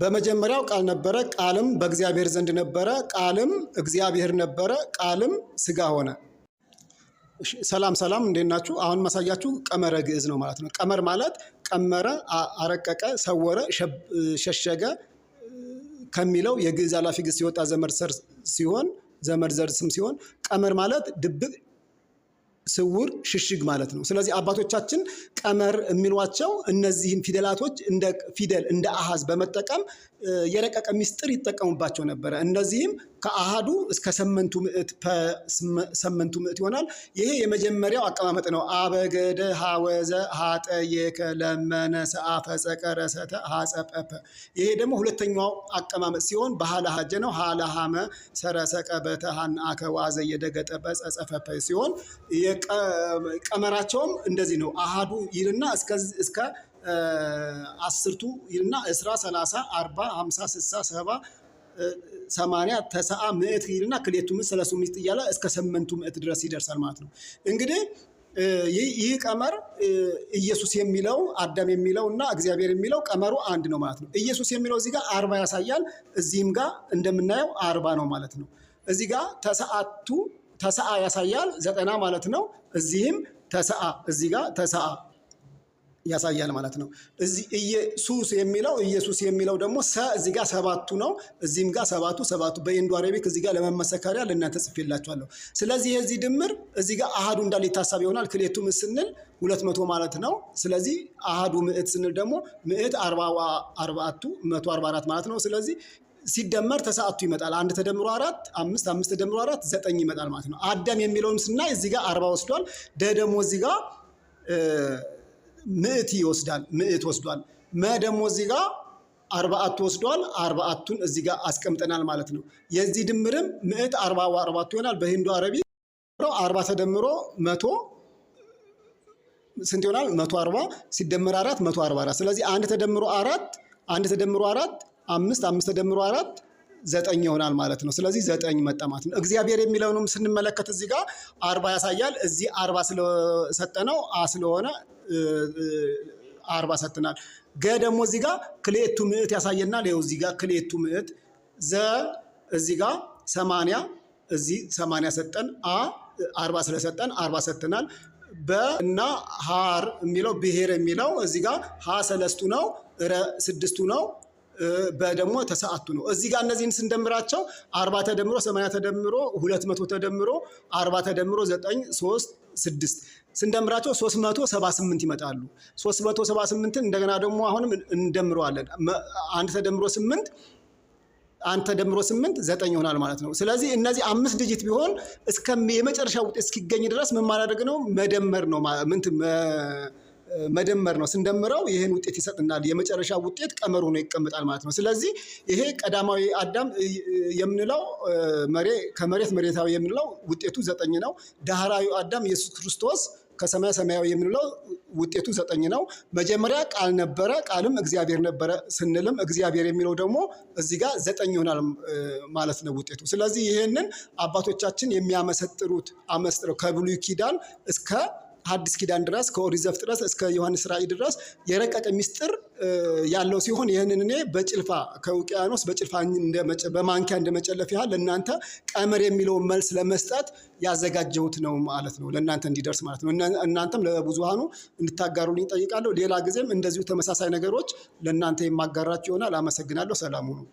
በመጀመሪያው ቃል ነበረ፣ ቃልም በእግዚአብሔር ዘንድ ነበረ፣ ቃልም እግዚአብሔር ነበረ፣ ቃልም ስጋ ሆነ። ሰላም ሰላም፣ እንዴት ናችሁ? አሁን ማሳያችሁ ቀመረ ግዕዝ ነው ማለት ነው። ቀመር ማለት ቀመረ፣ አረቀቀ፣ ሰወረ፣ ሸሸገ ከሚለው የግዕዝ ኃላፊ ግስ ሲወጣ ዘመድ ሰር ሲሆን ዘመድ ዘር ስም ሲሆን ቀመር ማለት ድብቅ ስውር ሽሽግ ማለት ነው። ስለዚህ አባቶቻችን ቀመር የሚሏቸው እነዚህን ፊደላቶች እንደ ፊደል እንደ አሃዝ በመጠቀም የረቀቀ ሚስጥር ይጠቀሙባቸው ነበረ። እነዚህም ከአሃዱ እስከ ሰመንቱ ምዕት ሰመንቱ ምዕት ይሆናል። ይሄ የመጀመሪያው አቀማመጥ ነው። አበገደ ሀወዘ ሀጠየከ ለመነ ሰአፈ ፀቀረሰተ ሀፀፐፐ ይሄ ደግሞ ሁለተኛው አቀማመጥ ሲሆን ባህላ ሀጀ ነው። ሀለ ሀመ ሰረሰቀ በተሃን አከዋዘ የደገጠበ ጸጸፈፈ ሲሆን ቀመራቸውም እንደዚህ ነው። አሃዱ ይልና እስከ አስርቱ ይልና እስራ ሰላሳ አርባ ሀምሳ ስሳ ሰባ ሰማንያ ተሰአ ምዕት ይልና ክሌቱ ምን ሰለሱ ሚስት እያለ እስከ ስምንቱ ምዕት ድረስ ይደርሳል ማለት ነው። እንግዲህ ይህ ቀመር ኢየሱስ የሚለው አዳም የሚለው እና እግዚአብሔር የሚለው ቀመሩ አንድ ነው ማለት ነው። ኢየሱስ የሚለው እዚህ ጋር አርባ ያሳያል። እዚህም ጋር እንደምናየው አርባ ነው ማለት ነው። እዚህ ጋር ተሰአቱ ተሰአ ያሳያል ዘጠና ማለት ነው። እዚህም ተሰአ እዚህ ጋር ተሰአ ያሳያል ማለት ነው። እዚህ ኢየሱስ የሚለው ኢየሱስ የሚለው ደግሞ ሰ እዚህ ጋር ሰባቱ ነው። እዚህም ጋር ሰባቱ ሰባቱ በኢንዶ አረቢክ እዚህ ጋር ለመመሰከሪያ ለእናንተ ጽፌላችኋለሁ። ስለዚህ የዚህ ድምር እዚህ ጋር አሃዱ እንዳለ ይታሰብ ይሆናል። ክሌቱ ምዕት ስንል ሁለት መቶ ማለት ነው። ስለዚህ አሃዱ ምዕት ስንል ደግሞ ምዕት አርባአቱ መቶ አርባ አራት ማለት ነው። ስለዚህ ሲደመር ተሰዓቱ ይመጣል። አንድ ተደምሮ አራት አምስት አምስት ተደምሮ አራት ዘጠኝ ይመጣል ማለት ነው። አዳም የሚለውን ስናይ እዚህ ጋር አርባ ወስዷል። ደ ደግሞ እዚህ ጋር ምዕት ይወስዳል። ምዕት ወስዷል። መ ደግሞ እዚህ ጋር አርባአት ወስዷል። አርባአቱን እዚህ ጋር አስቀምጠናል ማለት ነው። የዚህ ድምርም ምዕት አርባ አርባቱ ይሆናል። በሂንዱ አረቢ አርባ ተደምሮ መቶ ስንት ይሆናል? መቶ አርባ ሲደመር አራት መቶ አርባ አራት ስለዚህ አንድ ተደምሮ አራት አንድ ተደምሮ አራት አምስት አምስት ተደምሮ አራት ዘጠኝ ይሆናል ማለት ነው። ስለዚህ ዘጠኝ መጠማት ነው። እግዚአብሔር የሚለውንም ስንመለከት እዚህ ጋር አርባ ያሳያል። እዚህ አርባ ስለሰጠነው አ ስለሆነ አርባ ሰጥናል። ገ ደግሞ እዚህ ጋር ክሌቱ ምዕት ያሳየናል። ይኸው እዚህ ጋር ክሌቱ ምዕት ዘ እዚህ ጋር ሰማንያ እዚህ ሰማንያ ሰጠን። አ አርባ ስለሰጠን አርባ ሰጥናል። በ እና ሃር የሚለው ብሔር የሚለው እዚህ ጋር ሀ ሰለስቱ ነው ረ ስድስቱ ነው በደግሞ ተሰዓቱ ነው። እዚህ ጋር እነዚህን ስንደምራቸው አርባ ተደምሮ ሰማንያ ተደምሮ ሁለት መቶ ተደምሮ አርባ ተደምሮ ዘጠኝ ሶስት ስድስት ስንደምራቸው 378 ይመጣሉ። 378ን እንደገና ደግሞ አሁንም እንደምረዋለን። አንድ ተደምሮ ስምንት አንድ ተደምሮ ስምንት ዘጠኝ ይሆናል ማለት ነው። ስለዚህ እነዚህ አምስት ድጅት ቢሆን እስከ የመጨረሻ ውጤት እስኪገኝ ድረስ ምን ማድረግ ነው? መደመር ነው ምንት መደመር ነው። ስንደምረው ይህን ውጤት ይሰጥናል። የመጨረሻ ውጤት ቀመር ሆኖ ይቀመጣል ማለት ነው። ስለዚህ ይሄ ቀዳማዊ አዳም የምንለው ከመሬት መሬታዊ የምንለው ውጤቱ ዘጠኝ ነው። ዳህራዊ አዳም ኢየሱስ ክርስቶስ ከሰማይ ሰማያዊ የምንለው ውጤቱ ዘጠኝ ነው። መጀመሪያ ቃል ነበረ፣ ቃልም እግዚአብሔር ነበረ ስንልም እግዚአብሔር የሚለው ደግሞ እዚህ ጋር ዘጠኝ ይሆናል ማለት ነው ውጤቱ። ስለዚህ ይህንን አባቶቻችን የሚያመሰጥሩት አመስጥረው ከብሉይ ኪዳን እስከ ሐዲስ ኪዳን ድረስ ከኦሪት ዘፍጥረት እስከ ዮሐንስ ራእይ ድረስ የረቀቀ ሚስጥር ያለው ሲሆን ይህንን እኔ በጭልፋ ከውቅያኖስ በጭልፋ በማንኪያ እንደመጨለፍ ያህል ለእናንተ ቀመር የሚለውን መልስ ለመስጠት ያዘጋጀሁት ነው ማለት ነው፣ ለእናንተ እንዲደርስ ማለት ነው። እናንተም ለብዙሃኑ እንድታጋሩልኝ ጠይቃለሁ። ሌላ ጊዜም እንደዚሁ ተመሳሳይ ነገሮች ለእናንተ የማጋራችሁ ይሆናል። አመሰግናለሁ። ሰላሙ ነው።